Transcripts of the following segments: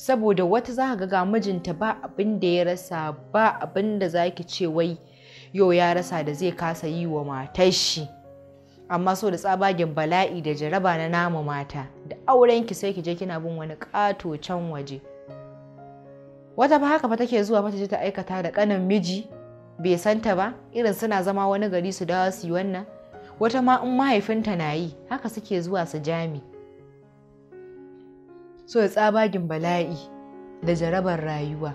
saboda wata za ga ga mijinta ba abin da ya rasa ba abin da za ki ce wai yau ya rasa da zai kasa yi wa matar shi amma so da tsabagen bala'i da jaraba na nama mata da auren ki sai ki je kina bin wani ƙato can waje wata ba haka fa take zuwa fa ta je ta aikata da kanin miji bai santa ba irin suna zama wani gari su dawo su yi wannan wata ma in mahaifinta na yi haka suke zuwa su jami so tsabagin bala'i da jarabar rayuwa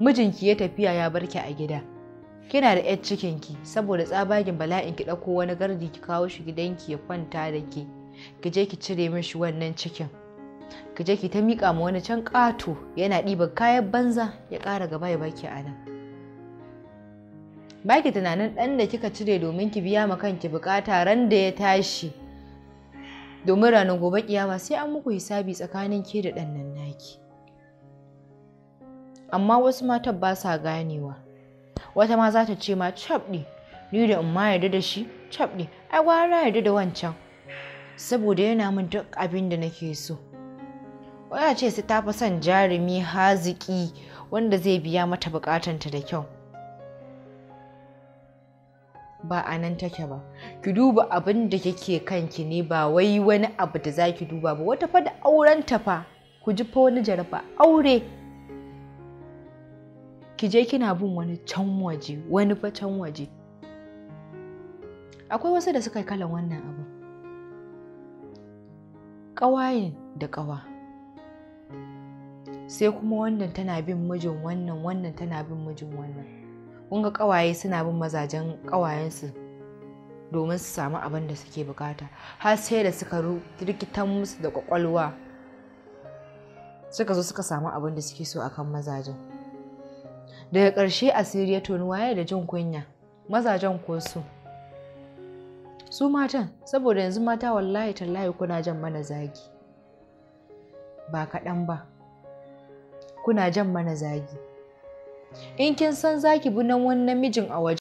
mijinki ya tafiya ya barki a gida kina da yar ki, saboda tsabagin bala'in ki ɗauko wani gardi ki kawo shi gidanki ya kwanta da ke ki je ki cire mishi wannan cikin ki je ki ta miƙa ma wani can ƙato yana ɗiba kayan banza ya ƙara gaba ya baki a nan baki tunanin ɗan da kika cire domin ki biya ma kanki buƙata ran da ya tashi domin ranar gobe kiyama sai an muku hisabi tsakanin ke da ɗan nan naki amma wasu matan ba sa ganewa wata ma za ta ce ma cabɗi ni da in ma yarda da shi cabɗi ai gwara yarda da wancan saboda yana min duk abin da nake so waya ce su ta fi son jarumi haziki wanda zai biya mata bukatanta da kyau ba a nan take ba ki duba abin da kike kanki ne ba wai wani abu da zaki duba ba wata fa da auren ta fa ku ji fa wani jaraba aure ki je kina bin wani can waje wani fa can waje akwai wasu da suka yi kalan wannan abu ƙawayen da ƙawa sai kuma wannan tana bin mijin wannan wannan tana bin mijin wannan kun ga ƙawaye suna bin mazajen ƙawayensu domin su samu abin da suke bukata har sai da suka rikitan musu da kwakwalwa suka zo suka samu abin da suke so akan mazajen daga ƙarshe asiri ya toni waye da jin kunya mazajen ko su su matan saboda yanzu mata wallahi tallahi kuna jan mana zagi ba kaɗan ba kuna jan mana zagi in kin san zaki bi nan wani namijin a waje